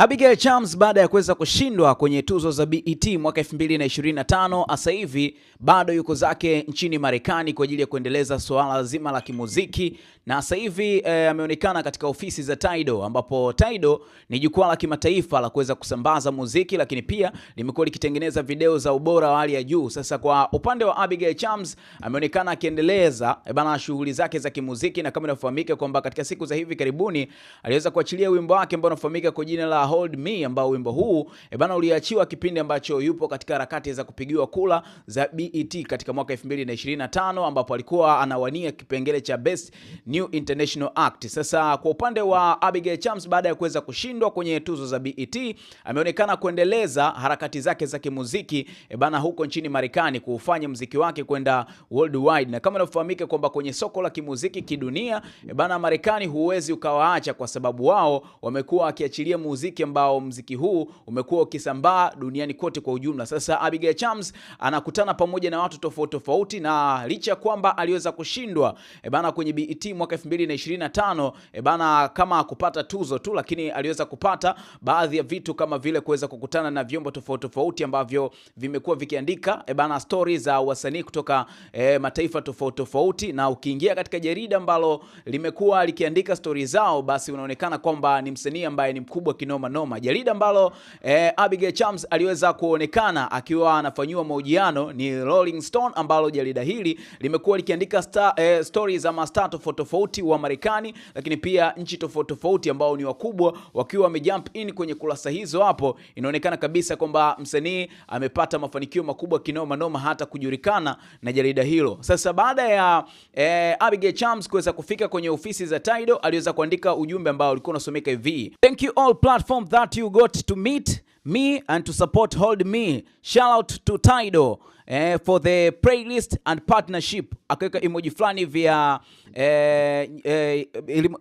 Abigail Chams baada ya kuweza kushindwa kwenye tuzo za BET mwaka 2025 asa hivi bado yuko zake nchini Marekani kwa ajili ya kuendeleza suala zima la kimuziki, na asa hivi eh, ameonekana katika ofisi za Tidal, ambapo Tidal ni jukwaa la kimataifa la kuweza kusambaza muziki, lakini pia limekuwa likitengeneza video za ubora wa hali ya juu. Sasa kwa upande wa Abigail Chams ameonekana akiendeleza eh, bana shughuli zake za kimuziki, na kama inafahamika kwamba katika siku za hivi karibuni aliweza kuachilia wimbo wake ambao unafahamika kwa jina la Hold Me, ambao wimbo huu e bana uliachiwa kipindi ambacho yupo katika harakati za kupigiwa kula za BET katika mwaka 2025 ambapo alikuwa anawania kipengele cha Best New International Act. Sasa kwa upande wa Abigail Chams, baada ya kuweza kushindwa kwenye tuzo za BET, ameonekana kuendeleza harakati zake za kimuziki e bana huko nchini Marekani kuufanya muziki wake kwenda worldwide, na kama inavyofahamika kwamba kwenye soko la kimuziki kidunia e bana, Marekani huwezi ukawaacha kwa sababu wao wamekuwa wakiachilia muziki muziki ambao muziki huu umekuwa ukisambaa duniani kote kwa ujumla. Sasa Abigail Chams anakutana pamoja na watu tofauti tofauti, na licha ya kwamba aliweza kushindwa e bana kwenye BET mwaka 2025 e eh bana kama kupata tuzo tu, lakini aliweza kupata baadhi ya vitu kama vile kuweza kukutana na vyombo tofauti tofauti ambavyo vimekuwa vikiandika e bana stori za wasanii kutoka e, mataifa tofauti tofauti, na ukiingia katika jarida ambalo limekuwa likiandika stori zao, basi unaonekana kwamba ni msanii ambaye ni mkubwa kinoma noma noma. Jarida ambalo eh, Abigail Chams aliweza kuonekana akiwa anafanyiwa mahojiano ni Rolling Stone, ambalo jarida hili limekuwa likiandika star, eh, story za mastaa tofauti tofauti wa Marekani, lakini pia nchi tofauti tofauti ambao ni wakubwa wakiwa wamejump in kwenye kurasa hizo. Hapo inaonekana kabisa kwamba msanii amepata mafanikio makubwa kinoma noma, hata kujulikana na jarida hilo. Sasa baada ya eh, Abigail Chams kuweza kufika kwenye ofisi za Tidal, aliweza kuandika ujumbe ambao ulikuwa unasomeka hivi: Thank you all platform platform that you got to meet me and to support Hold Me. Shout out to tido eh, for the playlist and partnership. Akaweka emoji fulani vya eh, eh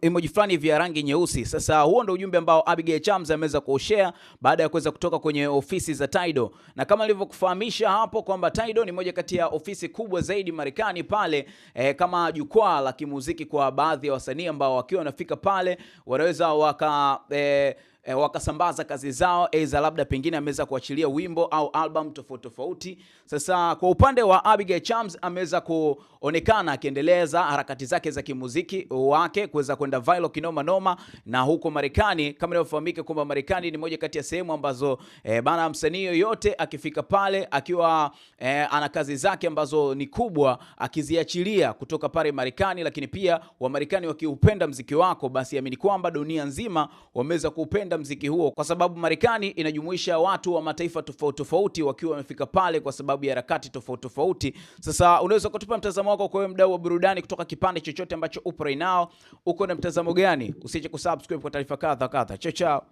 emoji fulani vya rangi nyeusi. Sasa huo ndio ujumbe ambao Abigail Chams ameweza kushare baada ya kuweza kutoka kwenye ofisi za tido na kama nilivyokufahamisha hapo kwamba tido ni moja kati ya ofisi kubwa zaidi Marekani pale eh, kama jukwaa la kimuziki kwa baadhi ya wasanii ambao wakiwa wanafika pale wanaweza waka eh, e, wakasambaza kazi zao, aidha labda pengine ameweza kuachilia wimbo au album tofauti tofauti. Sasa kwa upande wa Abigail Chams ameweza kuonekana akiendeleza harakati zake za kimuziki wake kuweza kwenda viral kinoma noma, na huko Marekani kama inavyofahamika kwamba Marekani ni moja kati ya sehemu ambazo e, bana msanii yoyote akifika pale akiwa e, ana kazi zake ambazo ni kubwa akiziachilia kutoka pale Marekani, lakini pia Wamarekani wakiupenda mziki wako, basi amini kwamba dunia nzima wameweza kuupenda mziki huo, kwa sababu Marekani inajumuisha watu wa mataifa tofauti tofauti wakiwa wamefika pale kwa sababu ya harakati tofauti tofauti. Sasa unaweza kutupa mtazamo wako kwa wewe mdau wa burudani kutoka kipande chochote ambacho upo right now, uko na mtazamo gani? Usiache kusubscribe kwa taarifa kadha kadha. Chao chao.